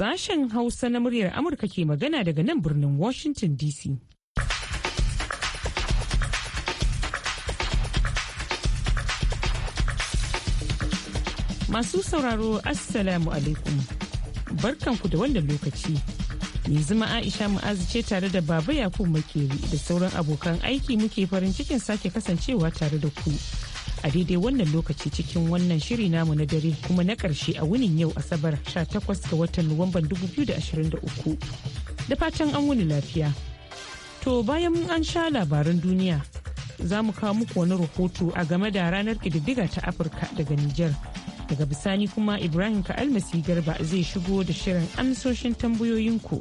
Sashen Hausa na muryar Amurka ke magana daga nan birnin Washington DC. Masu sauraro Assalamu alaikum. Barkanku da wannan lokaci. yanzu ma aisha mu'azu ce tare da baba yakub makeri da sauran abokan aiki muke farin cikin sake kasancewa tare da ku a daidai wannan lokaci cikin wannan shiri namu na dare kuma na ƙarshe a wunin yau asabar 18 ga watan nuwamban 2023 da fatan an wuni lafiya to bayan an sha labaran duniya za mu kawo muku wani rahoto a game da ranar ƙididdiga ta afirka daga nijar daga bisani kuma ibrahim ka'almasi garba zai shigo da shirin amsoshin tambayoyinku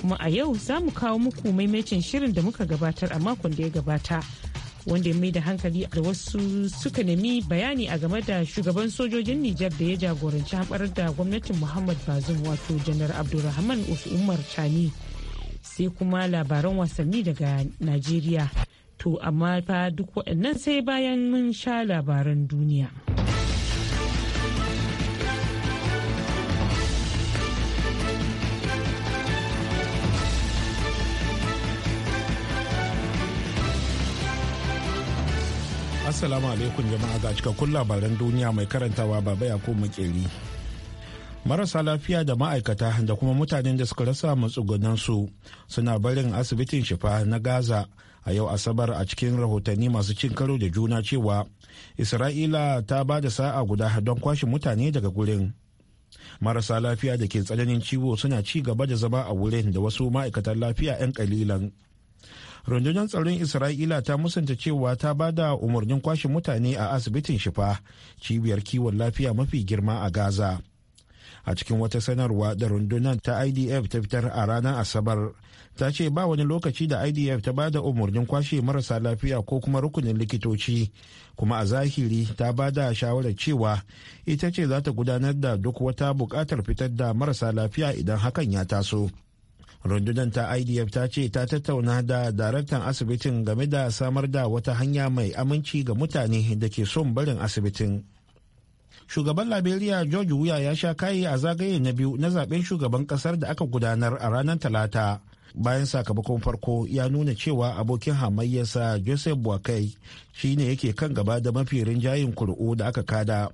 kuma a yau za mu kawo muku maimacin shirin da muka gabatar a makon da ya gabata wanda ya mai da hankali da wasu suka nemi bayani a game da shugaban sojojin nijar da ya jagoranci haɓar da gwamnatin muhammad bazum wato janar abdulrahman umar chani sai kuma labaran wasanni daga najeriya to amma fa duk waɗannan sai bayan mun sha labaran duniya. Assalamu alaikum jama'a ga cikakkun labaran duniya mai karantawa baba ko Makeri. Marasa lafiya da ma'aikata da kuma mutanen da suka rasa su suna barin asibitin shifa na Gaza a yau Asabar a cikin rahotanni masu cin karo da juna cewa Isra'ila ta ba da sa'a guda don kwashe mutane daga gurin. Marasa lafiya da ke tsananin ciwo suna ci gaba da zama a wurin da wasu ma'aikatan lafiya 'yan kalilan. rundunar tsaron isra'ila ta musanta cewa ta ba da umarnin kwashe mutane a asibitin shifa cibiyar kiwon lafiya mafi girma a gaza a cikin wata sanarwa da rundunar ta idf ta fitar a ranar asabar ta ce ba wani lokaci da idf ta ba da umarnin kwashe marasa lafiya ko kuma rukunin likitoci kuma a zahiri ta ba da shawarar cewa ita ce za ta gudanar da duk wata bukatar fitar da marasa lafiya idan hakan ya taso rundunar ta idf ta ce ta tattauna da daraktan asibitin game da samar da wata hanya mai aminci ga mutane da ke son barin asibitin shugaban liberia george wuya ya sha kayi a zagaye na biyu na zaben shugaban kasar da aka gudanar a ranar talata bayan sakamakon farko ya nuna cewa abokin hamayyarsa joseph shi shine yake kan gaba da mafi rinjayin kuri'u da aka kada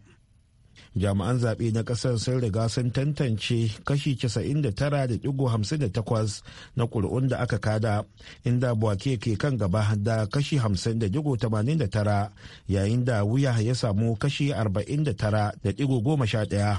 jami'an zaɓe na ƙasar sun riga sun tantance kashi 99.58 na ƙuri'un da aka kada inda buwake ke kan gaba da kashi 50.89 yayin da wuya ya samu kashi 49.11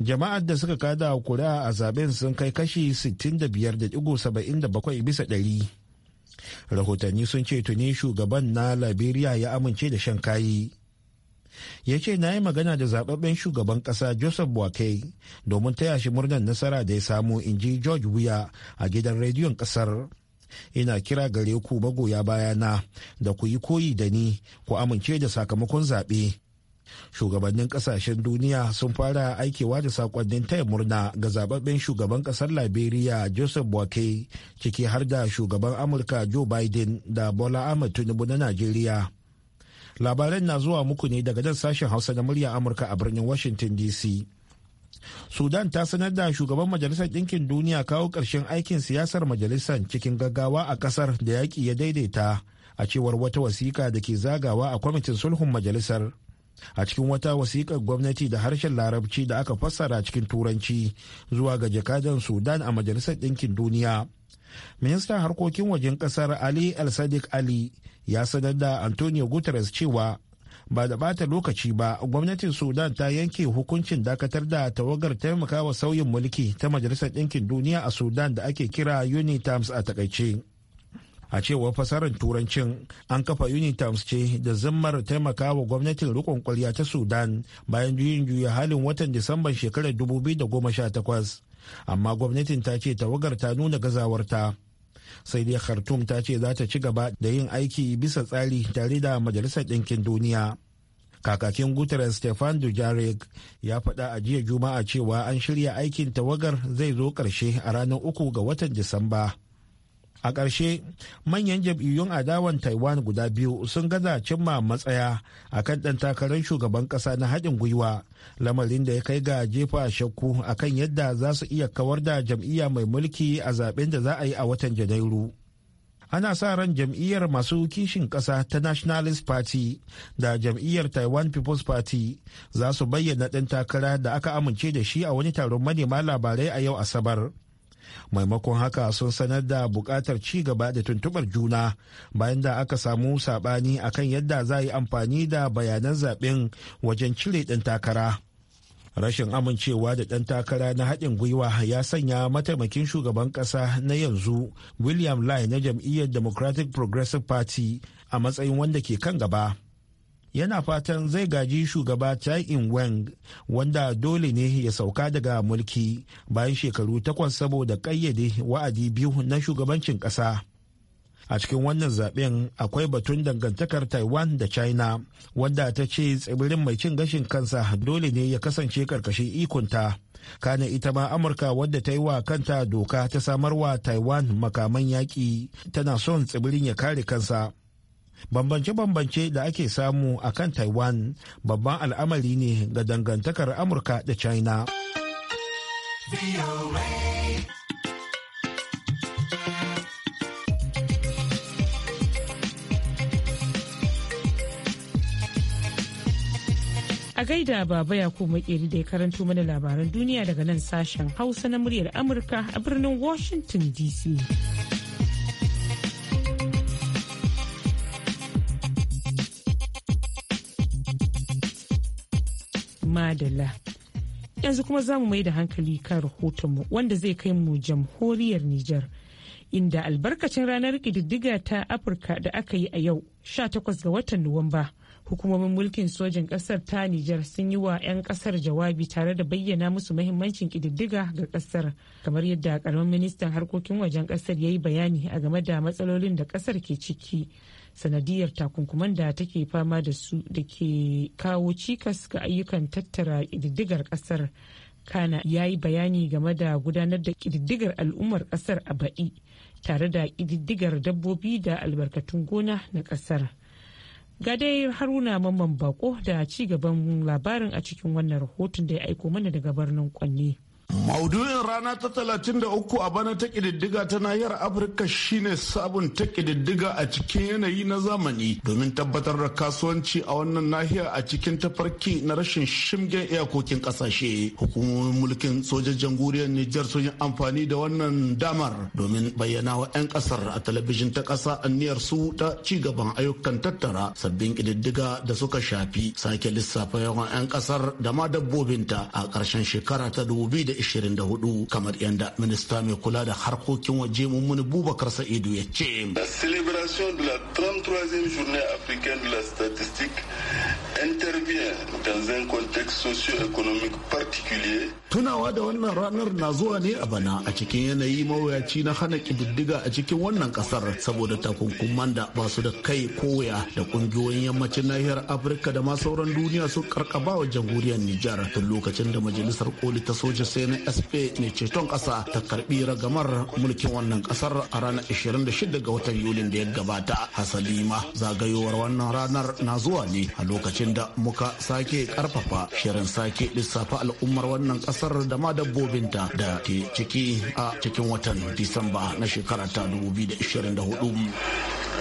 jama'ar da suka kada kuri'a a zaben sun kai kashi 65.77 bisa ɗari rahotanni sun ce tuni shugaban na liberia ya amince da shan kayi ya ce na yi magana da zababben shugaban kasa joseph boakai domin taya shi murnar nasara da ya samu in ji george wuya a gidan rediyon kasar ina kira gare ku magoya bayana da ku yi koyi da ni ku amince da sakamakon zaɓe shugabannin kasashen duniya sun fara aikewa da sakonnin taya murna ga zababben shugaban kasar liberia joseph boake ciki har da shugaban amurka joe biden da bola ahmed tinubu na najeriya labaran na zuwa muku ne daga nan sashen hausa na murya amurka a birnin washington dc sudan ta sanar da shugaban majalisar ɗinkin duniya kawo ƙarshen aikin siyasar majalisar cikin gaggawa a ƙasar da yaƙi ya daidaita a cewar wata wasiƙa da ke zagawa a kwamitin sulhun majalisar a cikin wata wasiƙar gwamnati da harshen larabci da aka fassara cikin turanci zuwa ga jakadan sudan a majalisar ɗinkin duniya ministan harkokin wajen ƙasar ali al-sadiq ali ya sanar da antonio guterres cewa ba da ɓata lokaci ba gwamnatin sudan ta yanke hukuncin dakatar da tawagar taimakawa sauyin mulki ta majalisar ɗinkin duniya a sudan da ake kira unitams a takaice. a cewar fasarar turancin an kafa unitams ce da zimmar taimakawa gwamnatin rikon kwarya ta sudan bayan juyin juya halin watan disamban shekarar 2018 amma gwamnatin ta ce tawagar ta nuna gazawarta sai dai khartoum ta ce za ta ci gaba da yin aiki bisa tsari tare da majalisar ɗinkin duniya kakakin guterres stefan dujarric ya faɗa a jiya juma'a cewa an shirya aikin tawagar zai zo ƙarshe a ranar uku ga watan disamba a ƙarshe manyan jam'iyyun adawan taiwan guda biyu sun gaza cimma matsaya a kan ɗan takarar shugaban ƙasa na haɗin gwiwa lamarin da ya kai ga jefa shakku a kan yadda za su iya kawar da jam'iyya mai mulki a zaben da za a yi a watan janairu ana sa ran jam'iyyar masu kishin ƙasa ta nationalist party da jam'iyyar taiwan people's party za su bayyana ɗan takara da aka amince da shi a wani taron manema labarai a yau asabar. maimakon haka sun sanar da buƙatar ci gaba da tuntubar juna bayan da aka samu saɓani akan yadda za a yi amfani da bayanan zaɓen wajen cire ɗan takara rashin amincewa da ɗan takara na haɗin gwiwa ya sanya mataimakin shugaban ƙasa na yanzu william lai na jam'iyyar democratic progressive party a matsayin wanda ke kan gaba yana fatan zai gaji shugaba Tsai ing wang wanda dole ne ya sauka daga mulki bayan shekaru takwas saboda kayyade wa'adi biyu na shugabancin ƙasa. A cikin wannan zaben akwai batun dangantakar Taiwan da China wanda ta ce tsibirin mai cin gashin kansa dole ne ya kasance karkashin ikonta. Kana ita ma Amurka wadda ta yi wa kanta doka ta samarwa Taiwan makaman yaƙi tana son tsibirin ya kare kansa. bambance-bambance da ake samu a kan taiwan babban al'amari ne ga dangantakar amurka da china a gaida baba ya yakubu makeri da ya karanto mana labaran duniya daga nan sashen hausa na muryar amurka a birnin washington dc madala yanzu kuma za mu mai da hankali kan rahotonmu wanda zai kai mu jamhuriyar Nijar inda albarkacin ranar ƙididdiga ta Afirka da aka yi a yau 18 ga watan Nuwamba. Hukumomin mulkin sojin ƙasar ta Nijar sun yi wa 'yan ƙasar jawabi tare da bayyana musu mahimmancin ƙididdiga ga ƙasar kamar yadda ƙaramin ministan harkokin wajen ƙasar ya yi bayani a game da matsalolin da ƙasar ke ciki sanadiyar takunkuman da take fama da su da ke kawo cikas ga ayyukan tattara ƙididdigar ƙasar kana ya yi bayani game da gudanar da ƙididdigar al'ummar ƙasar a baɗi tare da ƙididdigar dabbobi da albarkatun gona na ƙasar ga dai haruna mamman bako da ci gaban labarin a cikin wannan rahoton da ya aiko mana daga birnin kwanne. Maudu'in rana ta 33 a bana ta ƙididdiga ta nahiyar Afirka shine sabon ta ƙididdiga a cikin yanayi na zamani domin tabbatar da kasuwanci a wannan nahiya a cikin tafarki na rashin shimgen iyakokin ƙasashe. Hukumomin mulkin sojojin guriyar Nijar sun yi amfani da wannan damar domin bayyana wa 'yan ƙasar a talabijin ta ƙasa niyyar su ta ci gaban ayyukan tattara sabbin ƙididdiga da suka shafi sake lissafa yawan 'yan ƙasar da ma dabbobinta a ƙarshen shekara ta 2000 2024 kamar yadda minista mai kula da harkokin waje mummuni bubakar sa'idu ya ce. La celebration de la 33e journée africaine de la statistique intervient dans un contexte socio-économique particulier. Tunawa da wannan ranar na zuwa ne a bana a cikin yanayi mawuyaci na hana kididdiga a cikin wannan kasar saboda takunkuman da ba su da kai koya da kungiyoyin yammacin nahiyar Afirka da ma sauran duniya su karkaba wa jamhuriyar Nijar tun lokacin da majalisar koli ta soja sai na SP ne ceton kasa ta karbi ragamar mulkin wannan kasar a ranar 26 ga watan Yulin da ya gabata. Hasalima zagayowar wannan ranar na zuwa ne a lokacin da muka sake karfafa shirin sake lissafa al'ummar wannan kasar da ma dabbobinta da ke ciki a cikin watan Disamba na shekara ta 2024.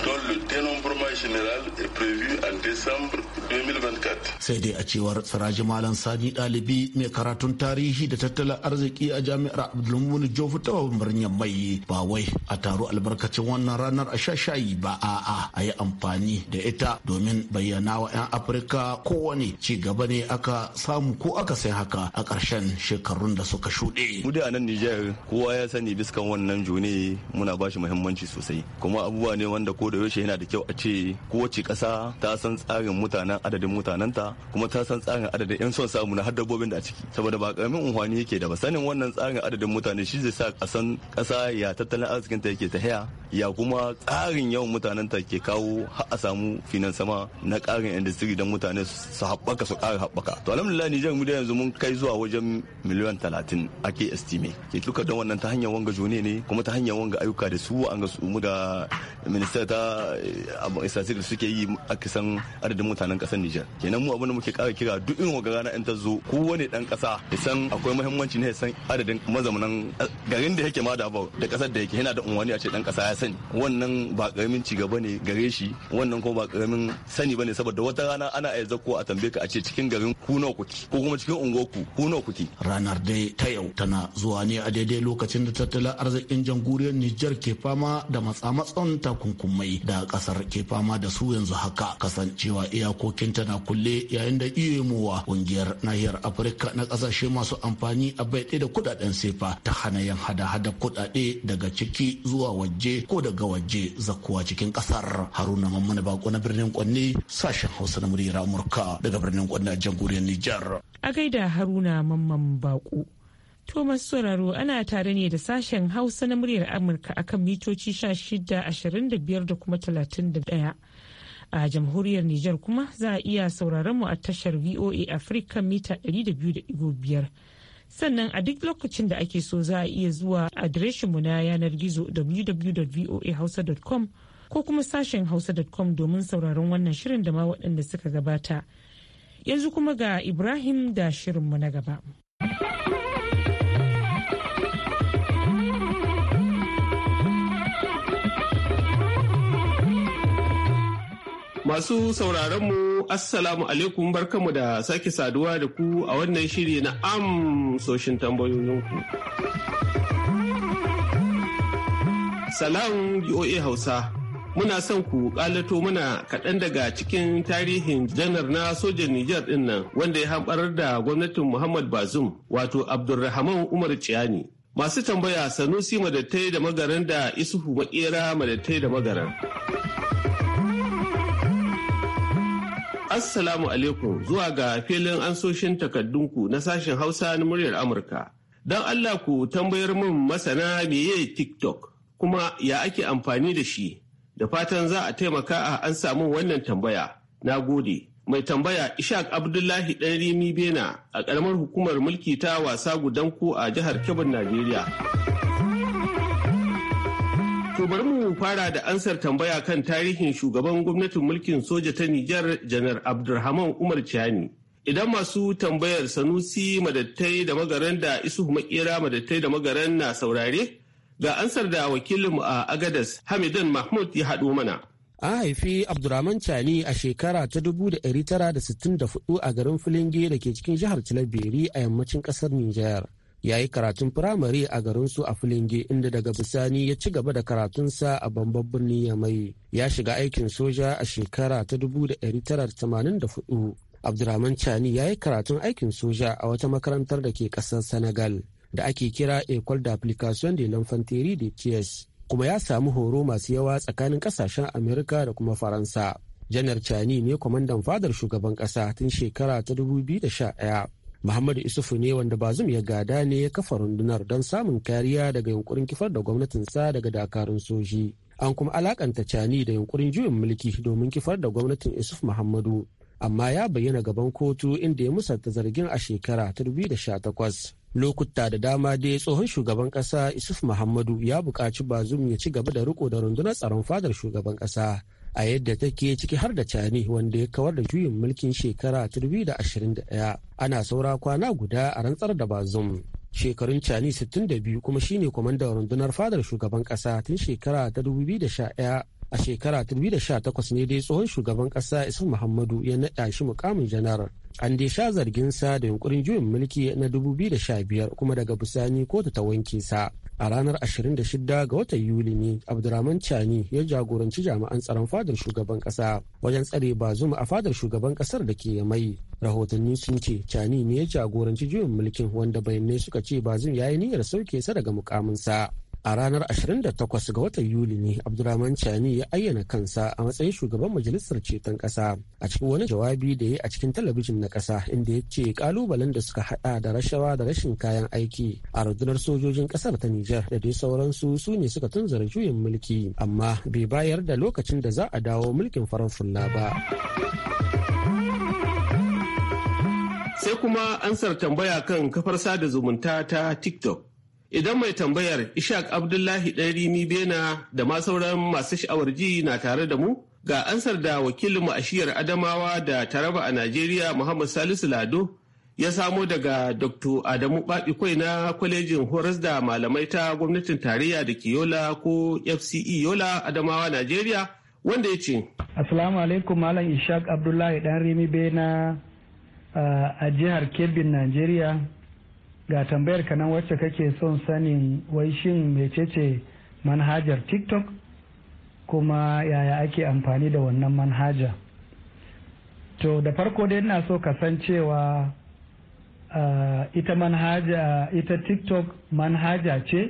dont le dénombrement général est prévu en décembre 2024. Sai dai a cewar Siraji Malam Sani ɗalibi mai karatun tarihi da tattalin arziki a jami'ar Abdulmumin Jofu ta birnin Mai ba wai a taro albarkacin wannan ranar a shashayi ba a a yi amfani da ita domin bayyana wa 'yan Afirka kowane ci gaba ne aka samu ko aka sai haka a ƙarshen shekarun da suka shuɗe. Mu da a nan Nijar kowa ya sani biskan wannan june muna bashi shi muhimmanci sosai kuma abubuwa ne wanda ko da yaushe yana da kyau a ce kowace ƙasa ta san tsarin mutanen adadin mutanenta kuma ta san tsarin adadin 'yan son samu na har dabbobin da a ciki saboda ba karamin unhwani yake da ba sanin wannan tsarin adadin mutane shi zai sa a san ƙasa ya tattalin arzikin ta yake ta haya ya kuma tsarin yawan mutanen ke kawo har a samu finan sama na ƙarin industry don mutane su haɓɓaka su ƙara haɓaka to alhamdulillah Nijar mu da yanzu mun kai zuwa wajen miliyan talatin ake estime ke duka don wannan ta hanyar wanga jone ne kuma ta hanyar wanga ayuka da su an ga su mu da minister ta eh, istatistik da suke yi a kisan adadin mutanen kasar Nijar kenan mu abin da muke kara kira duk in waga rana in ta zo wani dan kasa ya san akwai muhimmanci ne ya san adadin mazaunan eh, garin da yake ma da bau da kasar da yake yana da unwani a ce dan kasa ya sani wannan ba karamin ci gaba ne gare shi wannan ko ba karamin sani bane saboda wata rana ana iya zakko a tambaye ka a ce cikin garin ku nawa kuke ko kuma cikin unguwarku ku nawa kuke ranar dai ta yau tana zuwa ne a daidai lokacin da tattalin arzikin jamhuriyar Nijar ke fama da matsa-matsan takunkuma mai da kasar ke fama da su yanzu haka kasancewa iyakokinta na kulle yayin da muwa kungiyar nahiyar afirka na kasashe masu amfani a bai da kudaden sefa ta hana yan hada-hada kudade daga ciki zuwa waje ko daga waje zakuwa cikin kasar haruna mamman bako na birnin kwanne sashen hausa na muryar amurka daga birnin kwanne a jamhuriyar nijar a gaida haruna mamman bako Thomas Sauraro ana tare ne da sashen Hausa na muryar Amurka akan mitoci 1625 da kuma 31. A jamhuriyar Nijar kuma za a iya sauraron mu a tashar VOA Africa mita 200.5. Sannan a duk lokacin da ake so za a iya zuwa adireshinmu na yanar gizo www.voahausa.com ko kuma sashen hausa.com domin sauraron wannan shirin da ma waɗanda suka gabata. Yanzu kuma ga Ibrahim da shirinmu na gaba. Masu sauraronmu Assalamu alaikum barkamu da sake saduwa da ku a wannan shiri na amsoshin tambayoyinku. Salam BOA Hausa, muna son ku kalato mana kaɗan daga cikin tarihin janar na sojan Nijar ɗin nan wanda ya hamɓarar da gwamnatin Muhammad Bazum wato Abdulrahman Umar Ciyani. Masu tambaya Sanusi Madattai da Magaran da Isuhu Makera Madattai da Magaran. Assalamu alaikum zuwa ga filin ansoshin takardunku na sashen Hausa na muryar Amurka. Don Allah ku tambayar min masana meye TikTok kuma ya ake amfani da shi. Da fatan za a taimaka a an samu wannan tambaya. Na gode. Mai tambaya Ishak Abdullahi ɗan rimi Bena a ƙaramar hukumar mulki ta wasa gudanku a jihar Kebbi, Najeriya. To bari mu fara da ansar tambaya kan tarihin shugaban gwamnatin mulkin soja ta Nijar Janar Abdulrahman Umar Chani. Idan masu tambayar Sanusi madattai da magaran da Isuhu Makera madattai da magaran na saurare, ga ansar da wakilinmu a Agadas Hamidan Mahmud ya haɗo mana. An haifi Abdurrahman Chani a shekara ta 1964 a garin Filinge da ke cikin jihar tilabiri a yammacin ƙasar Nijar. ya yi karatun firamare a garinsu a filinge inda daga bisani ya ci gaba da karatunsa a bambam birnin yamai ya shiga aikin soja a shekara ta 1984 abdurrahman chani ya yi karatun aikin soja a wata makarantar da ke kasar senegal da ake kira ecole d'application de l'infanterie de ts kuma ya samu horo masu yawa tsakanin kasashen amerika da kuma faransa janar chani ne kwamandan fadar shugaban kasa tun shekara ta 2011 Muhammadu Isufu ne wanda Bazum ya gada ne ya kafa rundunar don samun kariya daga yunkurin kifar da gwamnatinsa daga dakarun soji. An kuma alakanta cani da yunkurin juyin mulki domin kifar da gwamnatin Isuf Muhammadu. Amma ya bayyana gaban kotu inda ya musanta zargin a shekara ta takwas. Lokuta da dama dai tsohon shugaban ƙasa, Isuf Muhammadu ya buƙaci Bazum ya ci gaba da riko da rundunar tsaron fadar shugaban ƙasa. a yadda take ciki har da cani wanda ya kawar da juyin mulkin shekara 2021 ana saura kwana guda a rantsar da bazum shekarun cani 62 kuma shine kwamandan rundunar fadar shugaban kasa tun shekara ta 2011 a shekara 2018 ne dai tsohon shugaban kasa isa muhammadu ya naɗa shi mukamin janar. an dai sha zargin sa da yunkurin juyin mulki na sha biyar kuma daga bisani kotu ta wanke sa a ranar ashirin da shida ga watan yuli ne abdurrahman chani ya jagoranci jami'an tsaron fadar shugaban kasa wajen tsare bazuma a fadar shugaban kasar da ke mai rahotanni sun ce chani ne ya jagoranci juyin mulkin wanda bayanai suka ce bazum ya yi niyyar sauke sa daga mukamin sa a ranar 28 ga watan yuli ne abdurrahman chani ya ayyana kansa a matsayin shugaban majalisar ceton ƙasa a cikin wani jawabi da ya a cikin talabijin na ƙasa inda ya ce kalubalen da suka hada da rashawa da rashin kayan aiki a rundunar sojojin ƙasar ta nijar da dai sauransu su ne suka tunzara juyin mulki amma bai bayar da lokacin da za a dawo mulkin farar fulla ba sai kuma ansar tambaya kan kafar sada zumunta ta tiktok Idan mai tambayar Ishaq Abdullahi ɗan Rimi Bena da ma sauran masu sha'awar ji na tare da mu ga ansar da wakilin a Adamawa da Taraba a Najeriya Muhammad Salisu Lado ya samo daga Dr. Adamu kwai na kwalejin horas da malamai ta gwamnatin tarayya da ke Yola ko FCE Yola Adamawa Najeriya wanda ya ce. Asalamu alaikum Malam ISHAK Abdullahi ɗan Rimi Bena uh, a jihar Kebbi Najeriya ga tambayar ka nan wacce kake son sanin wai shin mecece manhajar tiktok kuma yaya ake amfani da wannan manhaja to da farko dai ina so kasancewa san ita manhaja ita tiktok manhaja ce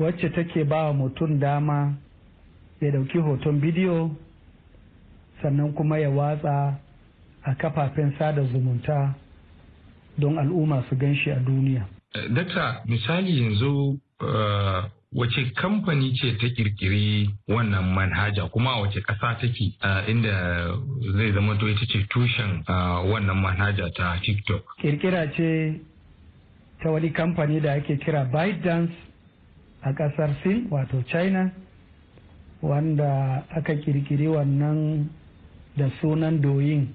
wacce take ba wa mutum dama ya dauki hoton bidiyo sannan kuma ya watsa a kafafen sada zumunta don al'umma su gan shi a duniya. Dakta misali yanzu eh, wace kamfani ce ta kirkiri wannan manhaja kuma wace ƙasa take eh, inda zai zama to ita ce tushen eh, wannan manhaja ta TikTok. Kirkira ce ta wani kamfani da ake kira ByteDance a ƙasar Sin wato China wanda aka kirkiri wannan da sunan doyin.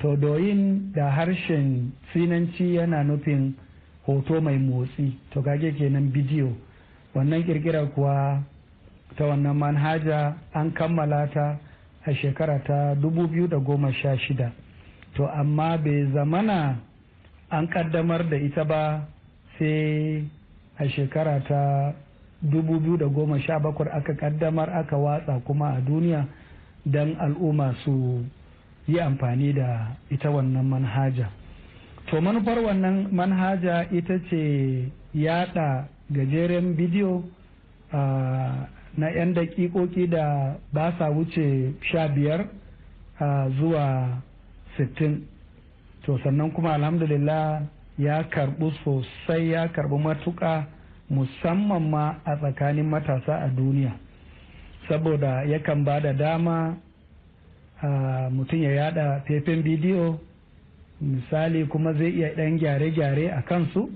todoyin da harshen sinanci yana nufin hoto mai motsi to kage kenan bidiyo wannan kirkirar kuwa ta wannan manhaja an kammala ta a shekara ta 2016 to amma bai zamana an kaddamar da ita ba sai a shekara ta 2017 aka kaddamar aka watsa kuma a duniya don al'umma su yi amfani da ita wannan manhaja to manufar wannan manhaja ita ce yada gajeren bidiyo ah, na 'yan dakikoki da ba sa wuce sha biyar ah, zuwa sittin to sannan kuma alhamdulillah ya karbu sosai ya karbu matuka musamman ma a tsakanin matasa a duniya saboda yakan ba da dama mutum ya yada faifan bidiyo misali kuma zai iya ɗan gyare-gyare a kansu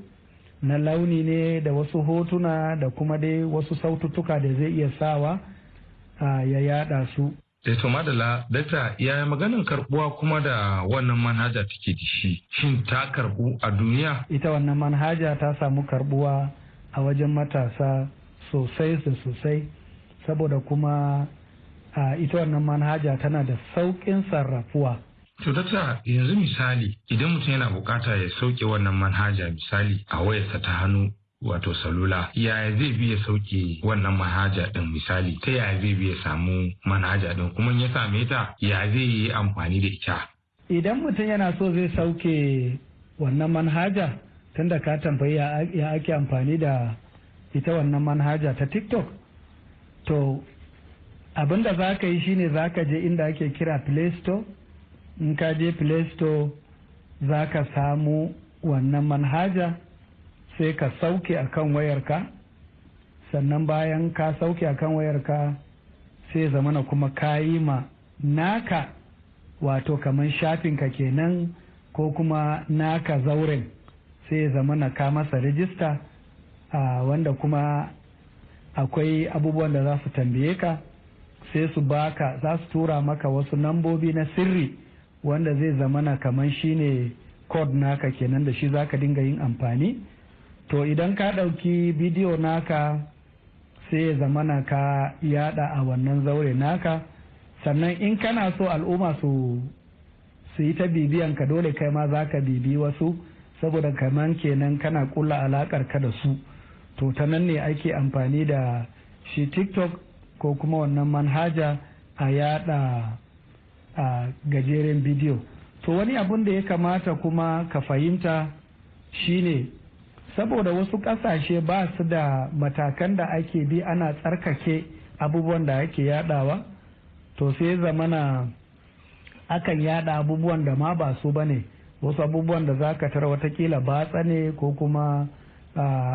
na launi ne da wasu hotuna da kuma dai wasu saututtuka da zai iya sawa ya yada su. Eh, to Madala, Dakta, yaya maganin karbuwa kuma da wannan manhaja take da shi? Shin ta karbu a duniya? Ita wannan manhaja ta samu karbuwa a wajen matasa sosai sosai, saboda kuma a ita wannan manhaja tana da sauƙin sarrafuwa. To yanzu misali idan mutum yana bukata ya sauke wannan manhaja misali a wayarsa ta hannu wato salula yaya zai bi ya sauke wannan manhaja din misali ta yaya zai bi ya samu manhaja din kuma ya same ta ya zai yi amfani da ita. Idan mutum yana so zai sauke wannan manhaja tunda ka tambayi ya ake amfani da ita wannan manhaja ta TikTok to abin da za ka yi shine za ka je inda ake kira play in ka je play store za ka samu wannan manhaja sai ka sauke a kan wayarka sannan bayan ka sauke a kan wayarka sai zamana kuma ka yi ma naka wato kamar shafinka kenan ko kuma naka zauren sai zamana ka masa rijista wanda kuma akwai abubuwan da za su tambaye ka sai su baka za su tura maka wasu nambobi na sirri wanda zai zamana kaman shine code naka kenan da shi zaka dinga yin amfani to idan ka ɗauki bidiyo naka sai zamana ka yada a wannan zaure naka sannan in kana so al'umma su su yi ta bibiyan ka dole kai ma za ka bibi wasu saboda kaman kenan kana kula alakar ka da su to ta nan ne ake amfani da shi tiktok ko kuma wannan manhaja a yada a gajeren bidiyo to wani abun da ya kamata kuma ka fahimta shine saboda wasu kasashe ba su da matakan da ake bi ana tsarkake abubuwan da ake yadawa to sai zamana akan yada abubuwan da ma ba su bane wasu abubuwan da za ka tara watakila batsa ne ko kuma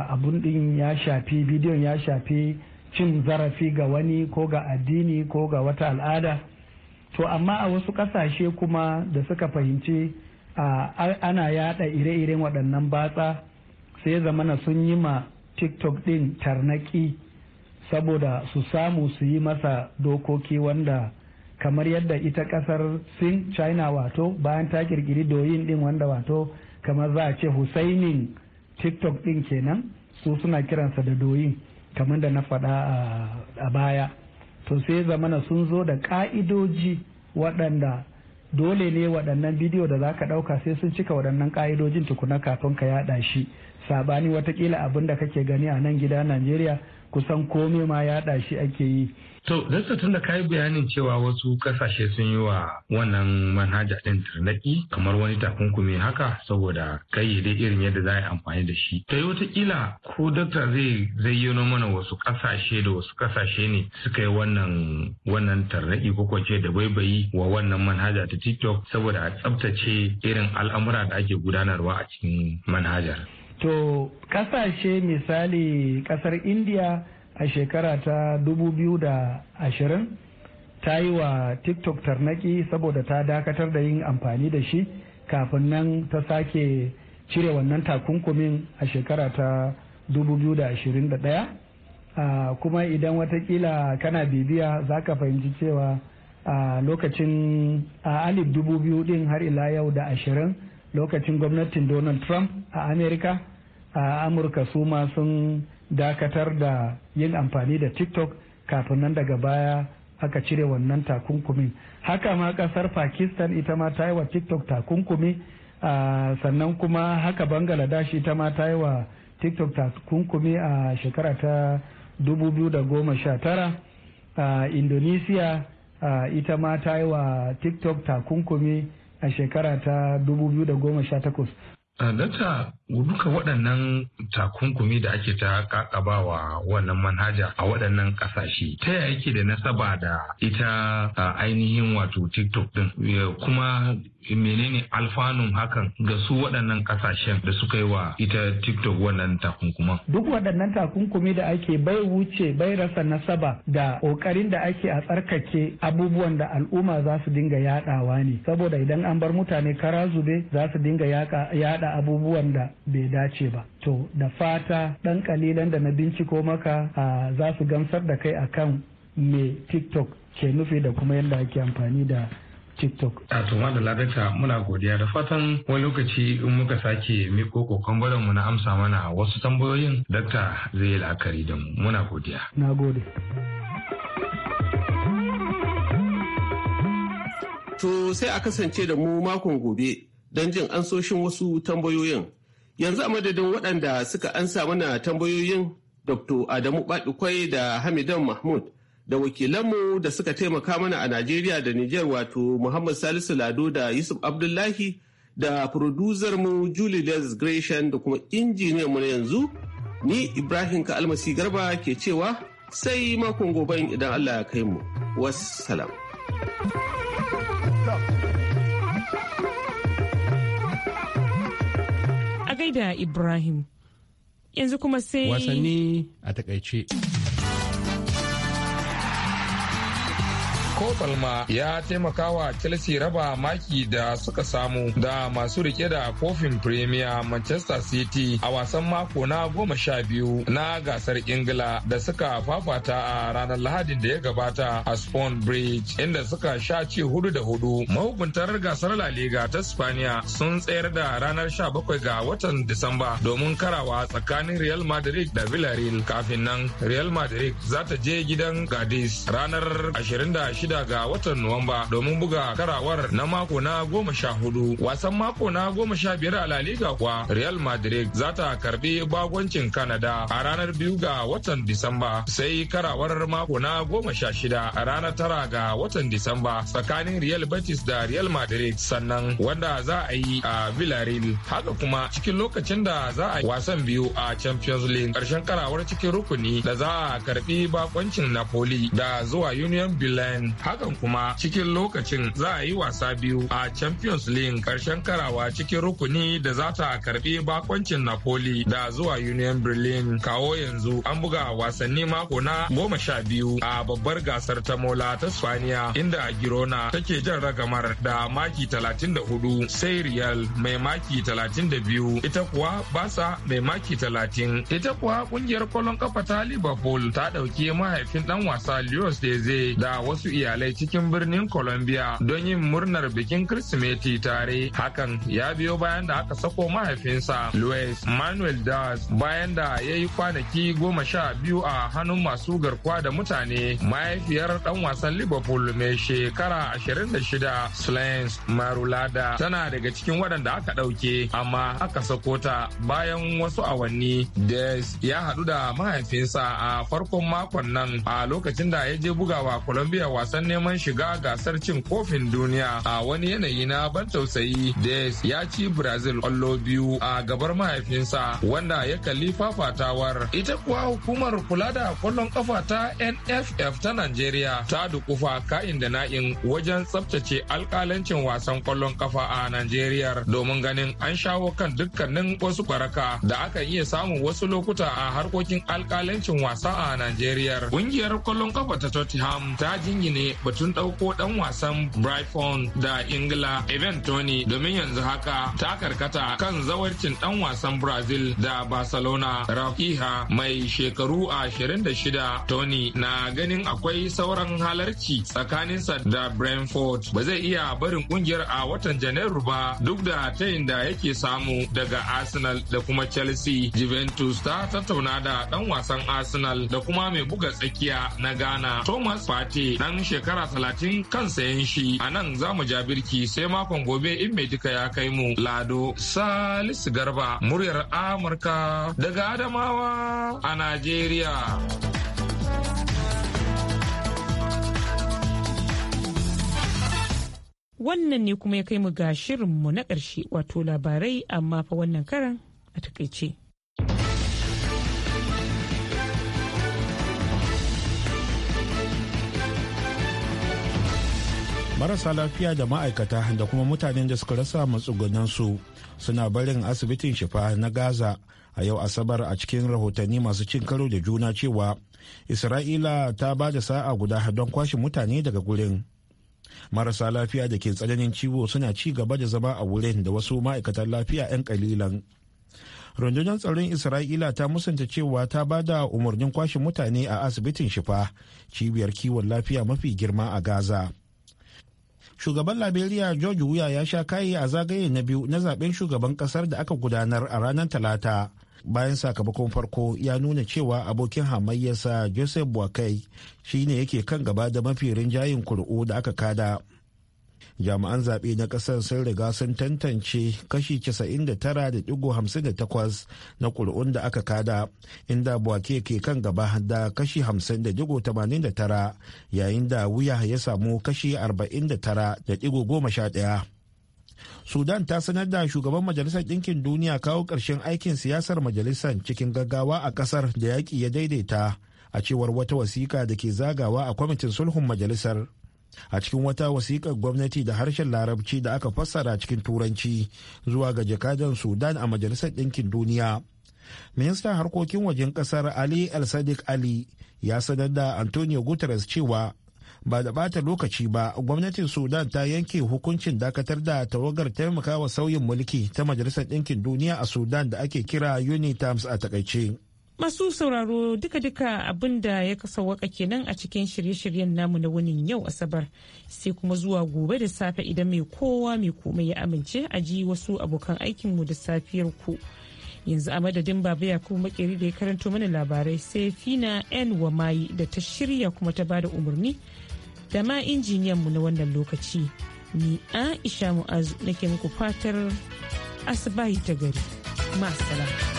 abun din ya shafi bidiyon ya shafi cin zarafi ga wani ko ga addini ko ga wata al'ada to amma a wasu ƙasashe kuma da suka fahimci ana yada ire-iren waɗannan batsa sai zamana sun yi ma tiktok ɗin tarnaki saboda su samu su yi masa dokoki wanda kamar yadda ita ƙasar sin china wato bayan ta kirkiri doyin ɗin wanda wato kamar za a ce husainin tiktok ɗin kenan su suna kiransa da doyin kamar da na faɗa a baya to sai zamana sun zo da ka'idoji waɗanda dole ne waɗannan bidiyo da za ka ɗauka sai sun cika waɗannan ƙa'idojin tukuna kafin ka yaɗa shi sabani watakila abin da kake gani a nan gida najeriya kusan komai ma yaɗa shi ake yi To, Dasta tun da kayi bayanin cewa wasu kasashe sun yi wa wannan manhaja ɗin tarnaki kamar wani takunkumi haka saboda kayyade irin yadda za a yi amfani da shi. Ta yi watakila ko dakta zai zayyano mana wasu kasashe da wasu ƙasashe ne suka yi wannan wannan tarnaki ko kwance da baibayi wa wannan manhaja ta TikTok saboda a tsabtace irin al'amura da ake gudanarwa a cikin manhajar. to kasashe misali kasar indiya a shekara ta 2020 ta yi wa tiktok tarnaki saboda ta dakatar da yin amfani da shi kafin nan ta sake cire wannan takunkumin a shekara ta 2021 kuma idan watakila kana bibiya za ka fahimci cewa a lokacin a alif dubu biyu din har ila yau da ashirin lokacin gwamnatin donald trump a amerika a amurka su ma sun dakatar da yin amfani da tiktok kafin nan daga baya aka cire wannan takunkumin haka ma kasar pakistan ita ma ta yi wa tiktok takunkumi sannan kuma haka bangladesh ita ma ta yi wa tiktok takunkumi a shekara ta 2019 indonesia ita ma ta yi wa tiktok takunkumi a shekara ta 2018 Data duka waɗannan takunkumi da ake ta kakabawa wannan manhaja a waɗannan ƙasashe ta yaya yake da nasaba da ita ainihin wato tiktok din kuma menene alfanun hakan ga su waɗannan ƙasashen da suka yi wa ita tiktok wannan takunkuma duk waɗannan takunkumi da ake bai wuce bai rasa nasaba da ƙoƙarin da ake a tsarkake abubuwan da al'umma za su dinga yaɗawa ne saboda idan an bar mutane kara zube za su dinga yaɗa abubuwan da bai dace ba to da fata ɗan kalilan da na binciko maka a za su gamsar da kai akan me tiktok ke nufi da kuma yadda ake amfani da TikTok. A to madalla daga muna godiya da fatan wani lokaci in muka sake miko kokon mu na amsa mana wasu tambayoyin dakta zai la'akari da mu muna godiya. Na gode. To sai a kasance da mu makon gobe don jin ansoshin wasu tambayoyin. Yanzu a madadin waɗanda suka ansa mana tambayoyin Dr. Adamu Baɗikwai da Hamidan Mahmud da wakilanmu da suka taimaka mana a Najeriya da Nijar wato Muhammad Salisu Lado da Yusuf Abdullahi da producer mu Julie Les Gresham da kuma injiniyan mu na yanzu ni Ibrahim ka almasi Garba ke cewa sai makon gobe idan Allah ya kai mu. Wassalam. gaida Ibrahim. Yanzu kuma sai wasanni a takaice. ko balma ya taimaka wa chelsea raba maki da suka samu da masu rike da kofin premier manchester city a wasan mako na goma sha biyu na gasar ingila da suka fafata a ranar lahadin da ya gabata a spawn bridge inda suka sha ci hudu da hudu mahukuntar gasar la liga ta spaniya sun tsayar da ranar sha bakwai ga watan disamba domin karawa tsakanin real madrid da villarreal kafin nan real madrid za ta je gidan gadis ranar 26 shida ga watan Nuwamba domin buga karawar na mako na goma sha hudu. Wasan mako na goma sha biyar a La Liga kuwa Real Madrid za ta karbi bagoncin Canada a ranar biyu ga watan Disamba sai karawar mako na goma sha shida a ranar tara ga watan Disamba tsakanin Real Betis da Real Madrid sannan wanda za a yi a Villarreal. Haka kuma cikin lokacin da za a yi wasan biyu a Champions League ƙarshen karawar cikin rukuni da za a karbi bakoncin Napoli da zuwa Union Berlin hakan kuma cikin lokacin za a yi wasa biyu a champions league karshen karawa cikin rukuni da za ta karbi bakoncin napoli da zuwa union berlin kawo yanzu an buga wasanni mako na goma sha biyu a babbar gasar ta mola ta spaniya inda girona take jan ragamar da maki hudu, sai real mai maki biyu, ita kuwa basa mai maki talatin. ita kuwa kungiyar kwallon kafa ta liverpool ta dauki mahaifin dan wasa leos deze da wasu iya iyalai cikin birnin Colombia don yin murnar bikin Kirsimeti tare. Hakan ya biyo bayan da aka sako mahaifinsa Luis Manuel Daz bayan da ya yi kwanaki goma sha biyu a hannun masu garkuwa da mutane. Mahaifiyar dan wasan Liverpool mai shekara 26 Slains Marulada tana daga cikin waɗanda aka ɗauke amma aka sako ta bayan wasu awanni Daz ya haɗu da mahaifinsa a farkon makon nan a lokacin da ya je bugawa Colombia wasan wasan neman shiga gasar cin kofin duniya a wani yanayi na ban tausayi da ya ci brazil kwallo biyu a gabar mahaifinsa wanda ya kalli fafatawar ita kuwa hukumar kula da kwallon kafa ta nff ta nigeria ta dukufa ka'in da na'in wajen tsabtace alkalancin wasan kwallon kafa a nigeria domin ganin an shawo kan dukkanin wasu baraka da aka iya samun wasu lokuta a harkokin alkalancin wasa a nigeria ƙungiyar kwallon kafa ta tottenham ta jingine ne batun ɗauko ɗan wasan Brighton da Ingila Evan Tony domin yanzu haka ta karkata kan zawarcin ɗan wasan Brazil da Barcelona Rafiha mai shekaru 26 Tony na ganin akwai sauran halarci tsakaninsa da Brentford ba zai iya barin kungiyar a watan Janairu ba duk da tayin da yake samu daga Arsenal da kuma Chelsea Juventus ta tattauna da ɗan wasan Arsenal da kuma mai buga tsakiya na Ghana Thomas Partey ɗan shekara talatin kan sayan shi a nan za mu ja birki sai makon gobe in mai duka ya kai mu lado salisu garba muryar amurka daga adamawa a najeriya wannan ne kuma ya kai mu ga shirinmu na ƙarshe wato labarai amma fa wannan karan a takaice. marasa lafiya da ma'aikata da kuma mutanen da suka rasa matsugunansu suna barin asibitin shifa na gaza a yau asabar a cikin rahotanni masu cin karo da juna cewa isra'ila ta ba da sa'a guda don kwashe mutane daga gurin marasa lafiya da ke tsananin ciwo suna ci gaba da zama a wurin da wasu ma'aikatan lafiya 'yan kalilan rundunar tsaron isra'ila ta musanta cewa ta ba da umarnin kwashe mutane a asibitin shifa cibiyar kiwon lafiya mafi girma a gaza shugaban liberia george wuya ya sha kayi a zagaye na biyu na zaben shugaban kasar da aka gudanar a ranar talata bayan sakamakon farko ya nuna cewa abokin hamayyarsa joseph boakai shine yake kan gaba da mafi rinjayin kuri'u da aka kada jami'an zaɓe na ƙasar sun riga sun tantance kashi 99.58 na ƙuri'un da aka kada inda buwake ke kan gaba da kashi 50.89 yayin da wuya ya samu kashi 49.11 sudan ta sanar da shugaban majalisar ɗinkin duniya kawo ƙarshen aikin siyasar majalisar cikin gaggawa a ƙasar da yaƙi ya daidaita a cewar wata wasiƙa da ke zagawa a kwamitin sulhun majalisar a cikin wata wasiƙar gwamnati da harshen larabci da aka fassara cikin turanci zuwa ga jakadan sudan a majalisar ɗinkin duniya ministan harkokin wajen ƙasar ali el sadiq ali ya sanar da antonio guterres cewa ba da ɓata lokaci ba gwamnatin sudan ta yanke hukuncin dakatar da tawagar taimakawa sauyin mulki ta majalisar ɗinkin duniya a sudan da ake kira unitams a takaice Masu sauraro duka-duka abin da ya sawwaka kenan a cikin shirye-shiryen namu na wani yau Asabar sai kuma zuwa gobe da safe idan mai kowa mai komai ya amince a ji wasu abokan aikinmu da safiyar ku. Yanzu a madadin Baba Yakubu Makeri da ya karanto mana labarai sai Fina N Wamayi da ta shirya kuma ta bada umarni da ma injiniyan mu na wannan lokaci. Ni Aisha Mu'azu nake muku fatar asibahi ta gari. Masala.